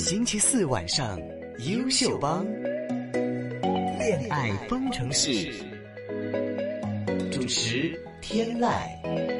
星期四晚上，優秀幫戀愛方程式主持天籟。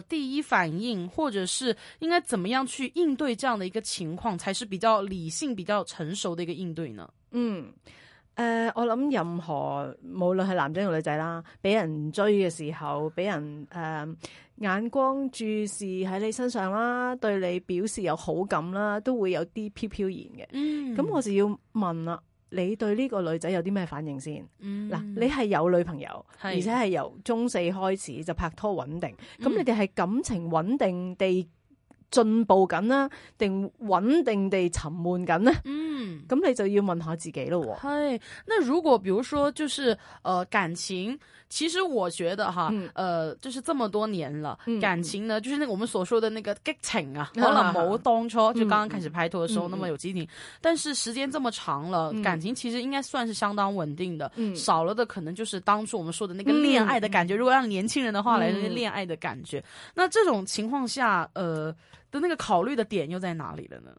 第一反應，或者是應該怎麼樣去應對這樣的一個情況，才是比較理性、比較成熟的一個應對呢？嗯，誒、呃，我諗任何無論係男仔同女仔啦，俾人追嘅時候，俾人誒、呃、眼光注視喺你身上啦，對你表示有好感啦，都會有啲飄飄然嘅。嗯，咁我就要問啦。你對呢個女仔有啲咩反應先？嗱、嗯，你係有女朋友，是而且係由中四開始就拍拖穩定，咁、嗯、你哋係感情穩定地進步緊啦，定穩定地沉悶緊呢？嗯，咁你就要問下自己咯喎。係，如果，比如說，就是，誒、呃，感情。其實我覺得哈，呃，就是這麼多年了，感情呢，就是那個我們所說的那個激情啊，可能冇當初就剛剛開始拍拖的時候那麼有激情，但是時間這麼長了，感情其實應該算是相當穩定的，少了的可能就是當初我們說的那個戀愛的感覺。如果讓年輕人的話嚟，戀愛的感覺，那這種情況下，呃，的那個考慮的點又在哪裡了呢？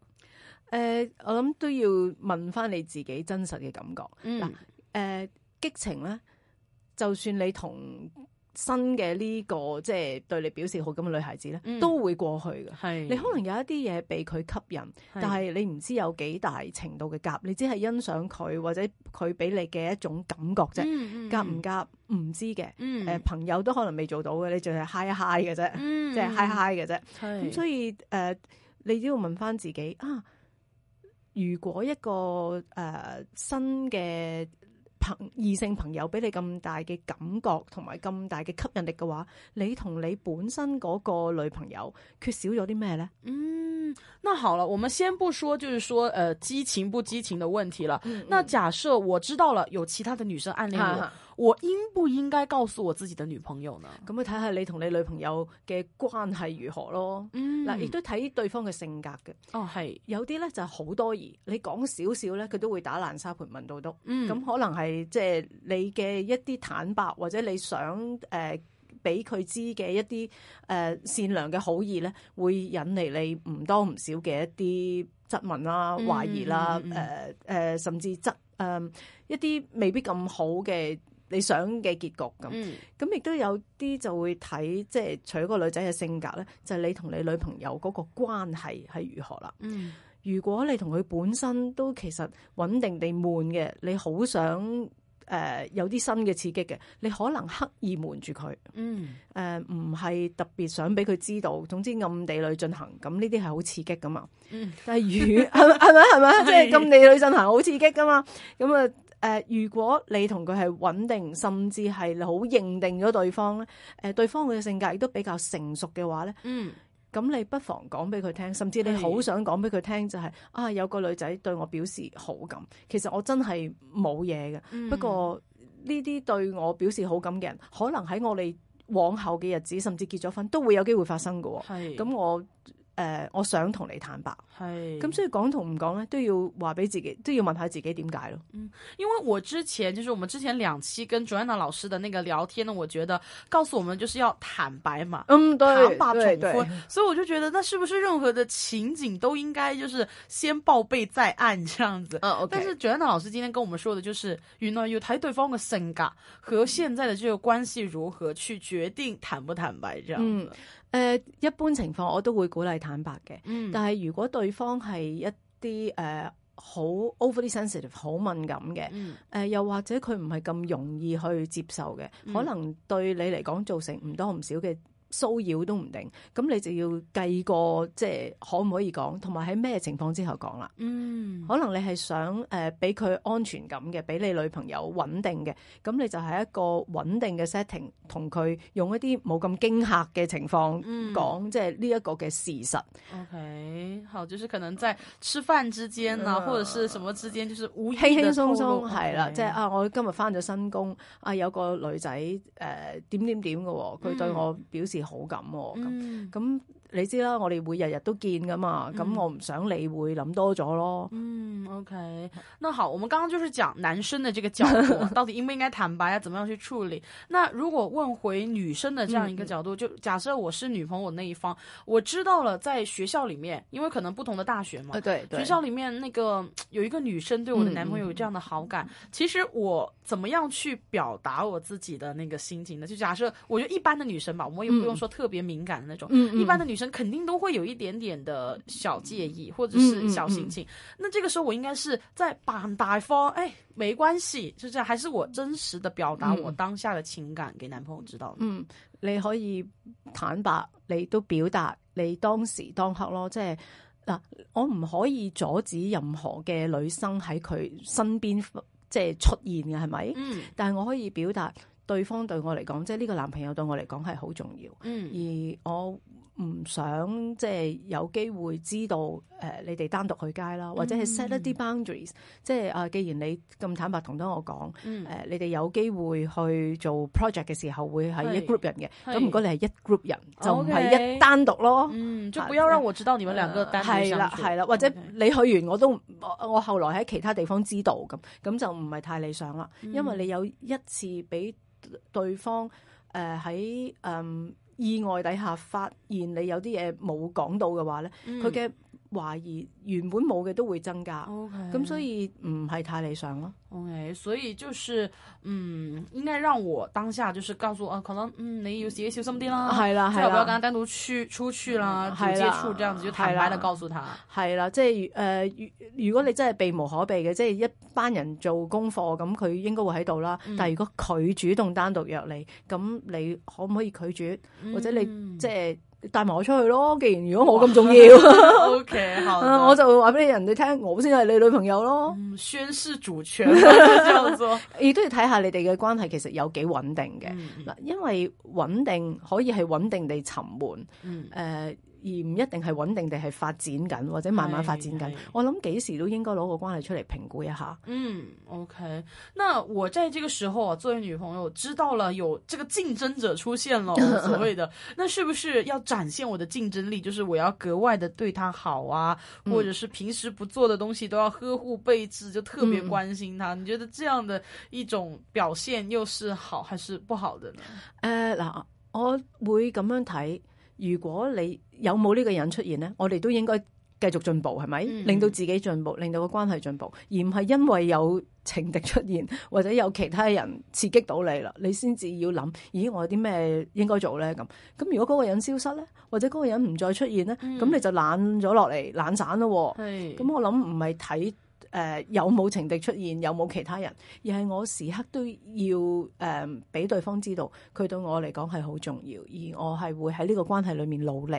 呃，誒，我諗都要問翻你自己真實的感覺。那，呃，激情呢？就算你同新嘅呢、這個即係、就是、對你表示好感嘅女孩子咧，都會過去嘅。係、嗯、你可能有一啲嘢俾佢吸引，是但係你唔知有幾大程度嘅夾，你只係欣賞佢或者佢俾你嘅一種感覺啫，夾唔夾唔知嘅。誒、嗯呃，朋友都可能未做到嘅，你淨係嗨一嗨嘅啫，即係嗨嗨嘅啫。咁，所以誒，你只要問翻自己啊，如果一個誒、呃、新嘅。新朋異性朋友俾你咁大嘅感覺同埋咁大嘅吸引力嘅話，你同你本身嗰個女朋友缺少咗啲咩呢？嗯，那好了，我們先不說，就是說，誒、呃，激情不激情的問題了。嗯嗯、那假設我知道了，有其他的女生暗戀我。哈哈我應唔應該告訴我自己的女朋友呢？咁去睇下你同你女朋友嘅關係如何咯。嗱，亦都睇對方嘅性格嘅。哦、嗯，係有啲咧就係、是、好多疑，你講少少咧，佢都會打爛沙盆問到篤。嗯，咁、嗯、可能係即係你嘅一啲坦白或者你想誒俾佢知嘅一啲誒、呃、善良嘅好意咧，會引嚟你唔多唔少嘅一啲質問啦、懷疑啦、誒誒、嗯嗯嗯嗯嗯、甚至質誒一啲未必咁好嘅。你想嘅結局咁，咁亦都有啲就會睇，即係除咗個女仔嘅性格咧，就係、是、你同你女朋友嗰個關係係如何啦。嗯、如果你同佢本身都其實穩定地悶嘅，你好想誒、呃、有啲新嘅刺激嘅，你可能刻意瞞住佢，誒唔係特別想俾佢知道。總之暗地裏進行，咁呢啲係好刺激噶嘛。嗯、但係如果係咪係咪即係暗地裏進行，好刺激噶嘛？咁啊～誒、呃，如果你同佢係穩定，甚至係好認定咗對方咧，誒、呃，對方佢嘅性格亦都比較成熟嘅話咧，嗯，咁你不妨講俾佢聽，甚至你好想講俾佢聽就係、是，啊，有個女仔對我表示好感，其實我真係冇嘢嘅，嗯、不過呢啲對我表示好感嘅人，可能喺我哋往後嘅日子，甚至結咗婚都會有機會發生㗎，係是，咁我。呃、我想同你坦白，係咁是，所以講同唔講呢，都要話俾自己，都要問下自己點解咯。嗯，因為我之前就是我們之前兩期跟 Joanna 老師的那個聊天呢，我覺得告訴我們就是要坦白嘛，嗯，對坦白重婚，所以我就覺得，那是不是任何的情景都應該就是先報備在案這樣子？嗯 okay、但是 Joanna 老師今天跟我們說的，就是原來要睇對方嘅性格和現在的這個關係，如何去決定坦不坦白這樣子。嗯誒、uh, 一般情況我都會鼓勵坦白嘅，嗯、但係如果對方係一啲誒好、uh, overly sensitive 好敏感嘅，誒、嗯 uh, 又或者佢唔係咁容易去接受嘅，嗯、可能對你嚟講造成唔多唔少嘅騷擾都唔定，咁你就要計過即係可唔可以講同埋喺咩情況之後講啦。嗯，可能你係想誒俾佢安全感嘅，俾你女朋友穩定嘅，咁你就係一個穩定嘅 setting，同佢用一啲冇咁驚吓嘅情況講，即係呢一個嘅事實。OK，好，就是可能在吃飯之間啊，啊或者是什麼之間、啊 okay，就是輕輕松鬆係係啦，即係啊，我今日翻咗新工，啊有個女仔誒、啊、點點點嘅佢對我表示、嗯。好感喎，咁、嗯。你知啦，我哋會日日都見噶嘛，咁我唔想你會，諗多咗咯。嗯，OK，那好，我們剛剛就是講男生的這個角度，到底應不應該坦白，啊，怎麼樣去處理？那如果問回女生的這樣一個角度，就假設我是女朋友那一方，我知道了，在學校裏面，因為可能不同的大學嘛，對，學校裏面那個有一個女生對我的男朋友有這樣的好感，其實我怎麼樣去表達我自己的那個心情呢？就假設，我覺得一般的女生吧，我們也不用說特別敏感的那種，一般的女生。肯定都會有一點點的小介意，或者是小心情。嗯、那這個時候我應該是在扮大方，誒、哎，沒關係，就係還是我真實的表達我當下的情感給男朋友知道。嗯，你可以坦白，你都表達你當時當刻咯，即係嗱，我唔可以阻止任何嘅女生喺佢身邊即係出現嘅，係咪？嗯、但係我可以表達對方對我嚟講，即係呢個男朋友對我嚟講係好重要。嗯，而我。唔想即係有機會知道誒，你哋單獨去街啦，或者係 set 一啲 boundaries，嗯、即係啊，既然你咁坦白同咗我講，誒、嗯呃，你哋有機會去做 project 嘅時候會係一 group 人嘅，咁是如果你係一 group 人，的就唔係一單獨咯。嗯，就不要讓我知道你們兩個單獨。係啦、嗯，係啦、嗯，或者你去完我都我後來喺其他地方知道咁，咁就唔係太理想啦，嗯嗯、因為你有一次俾對方誒喺、呃呃、嗯。意外底下發現你有啲嘢冇講到嘅話咧，佢嘅、嗯。懷疑原本冇嘅都會增加，咁 Okay. 所以唔係太理想咯。O、okay, K，所以就是，嗯，應該讓我當下就是告訴啊，可能嗯，你要自己小心啲、啊、啦，係啦，最好不要跟他單獨出，出去啦，啦接觸，這樣子就坦白的告訴他。係啦，啦，啦，即係誒、呃，如果你真係避無可避嘅，即係一班人做功課，咁佢應該會喺度啦。嗯、但係如果佢主動單獨約你，咁你可唔可以拒絕？或者你、嗯、或者你即係？帶埋我出去咯，既然如果我咁重要 ，OK 吧、啊、我就話俾你人哋聽，我先係你女朋友咯。嗯、宣誓主權，亦都 要睇下你哋嘅關係其實有幾穩定嘅，嗱、嗯，因為穩定可以係穩定地沉悶，誒、嗯。呃而唔一定係穩定地係發展緊，或者慢慢發展緊。對我諗幾時都應該攞個關係出嚟評估一下。嗯，OK。那我在這個時候啊，作為女朋友，知道了有這個競爭者出現了，所謂的，那是不是要展現我的競爭力？就是我要格外的對他好啊，嗯、或者是平時不做的東西都要呵護備至，就特別關心他。嗯、你覺得這樣的一種表現又是好還是不好的呢？誒、呃，嗱，我會咁樣睇。如果你有冇呢個人出現呢？我哋都應該繼續進步，係咪？令到自己進步，令到個關係進步，而唔係因為有情敵出現或者有其他人刺激到你啦，你先至要諗，咦，我有啲咩應該做呢？咁咁如果嗰個人消失呢，或者嗰個人唔再出現呢，咁你就懶咗落嚟，懶散咯。係，咁我諗唔係睇。誒，有冇情敵出現，有冇其他人，而係我時刻都要誒俾，嗯，對方知道，佢對我嚟講係好重要，而我係會喺呢個關係裏面努力。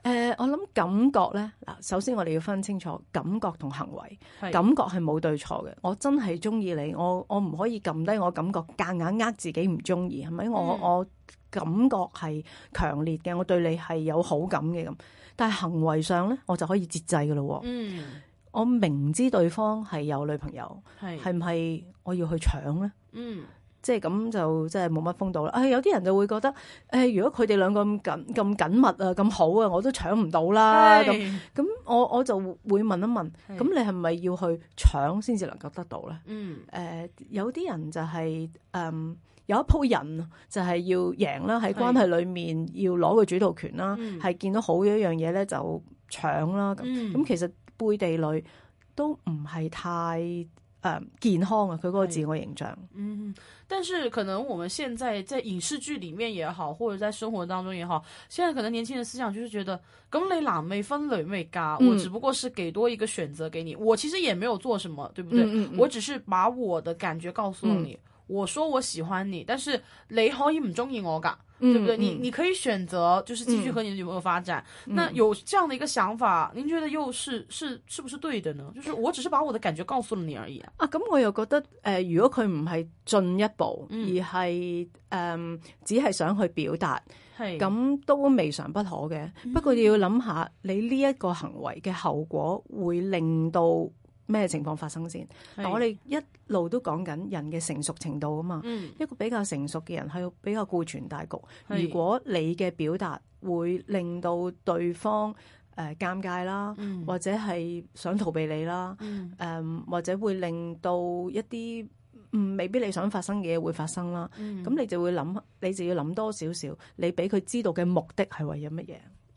誒、呃，我諗感覺咧嗱，首先我哋要分清楚感覺同行為。是感覺係冇對錯嘅，我真係中意你，我我唔可以撳低我、嗯、我，我感覺，夾硬呃自己唔中意，係咪？我我感覺係強烈嘅，我對你係有好感嘅咁，但係行為上咧，我就可以節制噶咯。嗯，我明知對方係有女朋友，係，係唔係我要去搶咧？嗯。即係咁就即係冇乜風度啦！啊、哎，有啲人就會覺得，誒、哎，如果佢哋兩個咁緊咁緊密啊，咁好啊，我都搶唔到啦！咁咁我我就會問一問，咁是你係咪要去搶先至能夠得到咧、嗯呃就是？嗯，誒有啲人就係誒有一鋪人就係要贏啦，喺關係裡面要攞個主導權啦，係是見到好嘅一樣嘢咧就搶啦！咁咁其實背地裏都唔係太。誒，健康啊，佢嗰個自我形象。嗯，但是可能我們現在在影視劇裏面也好，或者在生活當中也好，現在可能年輕人思想就是覺得，咁你男未婚女未嫁，嗯，我只不過是給多一個選擇給你，我其實也沒有做什麼，對不對？嗯嗯，嗯我只是把我的感覺告訴了你。嗯我說我喜歡你，但是你可以唔鍾意我噶，嗯、對不對？嗯、你你可以選擇，就是繼續和你的女朋友發展。嗯、那有這樣的一個想法，您覺得又是是是不是對的呢？就是我只是把我的感覺告訴了你而已啊。咁我又覺得，誒、呃，如果佢唔係進一步，嗯、而係誒、呃、只係想去表達，係咁、嗯、都未嘗不可嘅。嗯、不過你要諗下，你呢一個行為嘅後果會令到，咩情況發生先？是我哋一路都講緊人嘅成熟程度啊嘛。嗯、一個比較成熟嘅人係比較顧全大局。是如果你嘅表達會令到對方誒尷尬啦，嗯、或者係想逃避你啦，誒、嗯、或者會令到一啲未必你想發生嘅嘢會發生啦。咁、嗯、你就會諗，你就要諗多少少，你俾佢知道嘅目的係為咗乜嘢？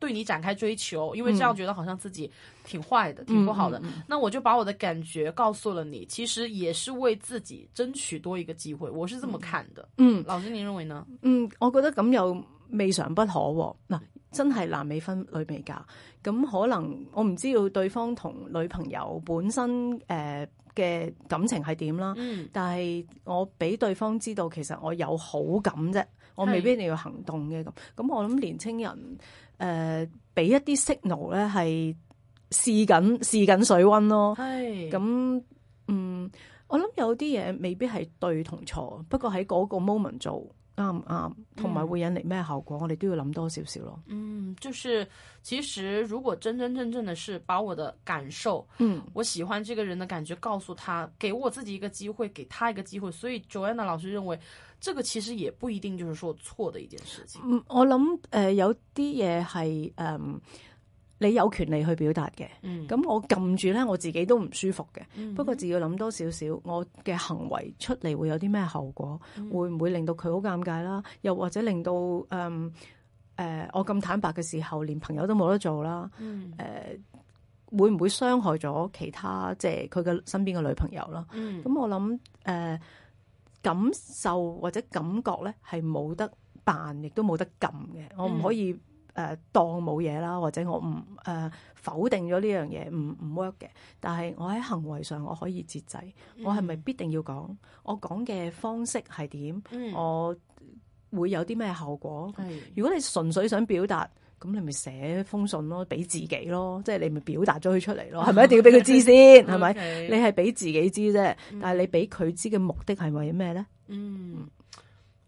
對你展開追求，因為這樣覺得好像自己挺壞的，嗯、挺不好的。嗯、那我就把我的感覺告訴了你，其實也是為自己爭取多一個機會。我是這麼看的。嗯，老師你認為呢？嗯，我覺得咁又未嘗不可、啊。嗱，真係男未婚女未嫁，咁可能我唔知道對方同女朋友本身誒嘅、呃、感情係點啦。嗯、但係我俾對方知道其實我有好感啫，我未必一定要行動嘅咁。咁的我諗年輕人。誒俾、呃、一啲 signal 咧，係試緊試緊水溫咯。係咁， 嗯，我諗有啲嘢未必係對同錯，不過喺嗰個 moment 做。啱唔啱？同埋、啊啊、會引嚟咩效果？嗯、我哋都要諗多少少咯。嗯，就是其實如果真真正正的是把我的感受，嗯，我喜歡這個人的感覺告訴他，給我自己一個機會，給他一個機會。所以 Joanna 老師認為，這個其實也不一定就是說錯的一件事情。嗯，我諗誒、呃，有啲嘢係誒。呃你有權利去表達嘅，咁、嗯、我撳住咧，我自己都唔舒服嘅。嗯、不過，自己諗多少少，我嘅行為出嚟會有啲咩後果？嗯、會唔會令到佢好尷尬啦？又或者令到誒誒、呃呃，我咁坦白嘅時候，連朋友都冇得做啦？誒、嗯呃，會唔會傷害咗其他？即係佢嘅身邊嘅女朋友啦。咁、嗯、我諗誒、呃，感受或者感覺咧，係冇得扮，亦都冇得撳嘅。我唔可以。嗯誒、啊，當冇嘢，啦，或者我唔誒、啊、否定咗呢樣嘢，唔唔 work 嘅。但係我喺行為上我可以節制。嗯、我係咪必定要講？我講嘅方式係點？嗯、我會有啲咩後果？是如果你純粹想表達，咁你咪寫封信咯，俾自己咯，即係你咪表達咗佢出嚟咯。係咪一定要俾佢知先？係咪？ 你係俾自己知啫。但係你俾佢知嘅目的係為咩呢？嗯。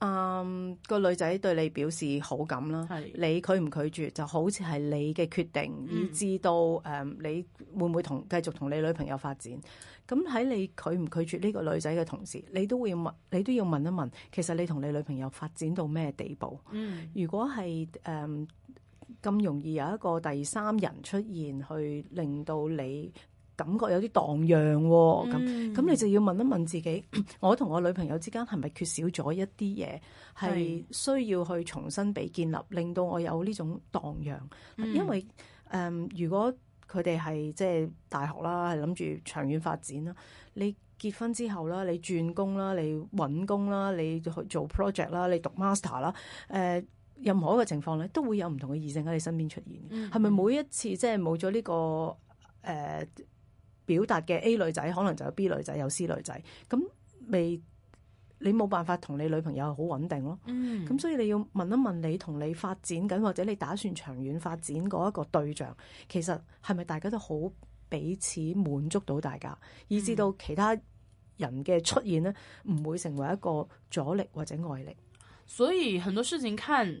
嗯，um, 個女仔對你表示好感啦，的你拒唔拒絕就好似係你嘅決定，嗯、以至到誒你會唔會同繼續同你女朋友發展？咁喺你拒唔拒絕呢個女仔嘅同時，你都會問，你都要問一問，其實你同你女朋友發展到咩地步？嗯、如果係誒咁容易有一個第三人出現，去令到你感覺有啲盪漾喎，咁咁、嗯、你就要問一問自己，我同我女朋友之間係咪缺少咗一啲嘢，係需要去重新俾建立，令到我有呢種盪漾。嗯、因為誒、呃，如果佢哋係即係大學啦，係諗住長遠發展啦，你結婚之後啦，你轉工啦，你揾工啦，你去做 project 啦，你讀 master 啦、呃，誒任何一個情況咧，都會有唔同嘅異性喺你身邊出現。係咪、嗯、每一次即係冇咗呢個誒？呃表達嘅 A 女仔可能就有 B 女仔，有 C 女仔咁未，你冇辦法同你女朋友好穩定咯。咁、嗯、所以你要問一問你同你發展緊或者你打算長遠發展嗰一個對象，其實係咪大家都好彼此滿足到大家，嗯、以至到其他人嘅出現呢，唔會成為一個阻力或者外力。所以很多事情看。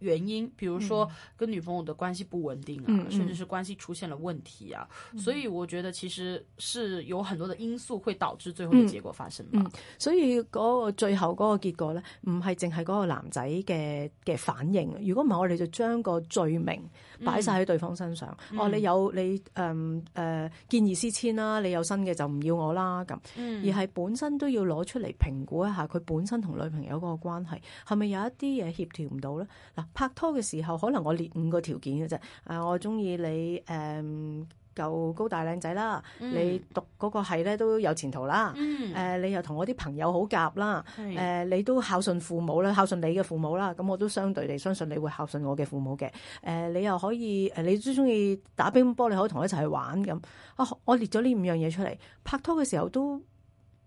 原因，比如說跟女朋友的關係不穩定啊，嗯嗯，甚至是關係出現了問題啊，嗯嗯，所以我覺得其實是有很多的因素會導致最後嘅結果發生，嗯嗯，所以個最後嗰個結果呢，唔係淨係嗰個男仔嘅嘅反應。如果唔係，我哋就將個罪名擺晒喺對方身上。哦，嗯啊，你有你誒誒見異思遷啦，你有新嘅就唔要我啦咁。嗯，而係本身都要攞出嚟評估一下，佢本身同女朋友嗰個關係係咪有一啲嘢協調唔到呢？嗱。拍拖嘅時候，可能我列五個條件嘅啫。啊、呃，我中意你誒夠、嗯、高大靚仔啦，mm. 你讀嗰個系咧都有前途啦。誒、mm. 呃，你又同我啲朋友好夾啦。誒、mm. 呃，你都孝順父，父母啦，孝順你嘅父母啦。咁我都相對地相信你會孝順我嘅父母嘅。誒、呃，你又可以誒，你最中意打乒乓波，你可以同我一齊去玩咁。啊，我列咗呢五樣嘢出嚟，拍拖嘅時候都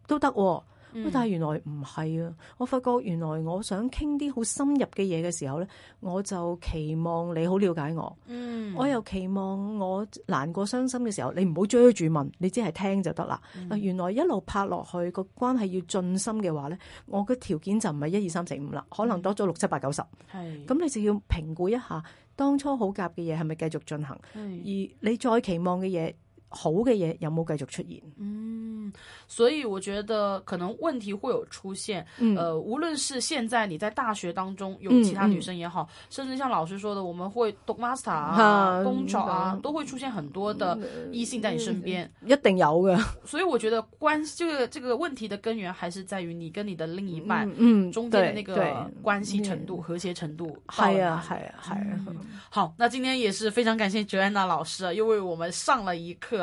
都得、啊。但係原來唔係啊！我發覺原來我想傾啲好深入嘅嘢嘅時候呢，我就期望你好了解我。嗯，我又期望我難過傷心嘅時候，你唔好追住問，你只係聽就得啦。嗯、原來一路拍落去個關係要盡心嘅話呢，我嘅條件就唔係一二三四五啦，可能多咗六七八九十。係是，咁你就要評估一下當初好夾嘅嘢係咪繼續進行，嗯、而你再期望嘅嘢。好的嘢有冇繼續出現？嗯，所以我覺得可能問題會有出現。嗯，呃，無論是現在你在大學當中有其他女生也好，甚至像老師說的，我們會讀 master 啊、工作啊，都會出現很多的異性在你身邊，一定有嘅。所以我覺得關係，這個這個問題的根源還是在於你跟你的另一半，嗯，中間的那個關係程度、和諧程度。好呀好呀好呀。好，那今天也是非常感謝 Joanna 老師，啊，又為我們上了一課。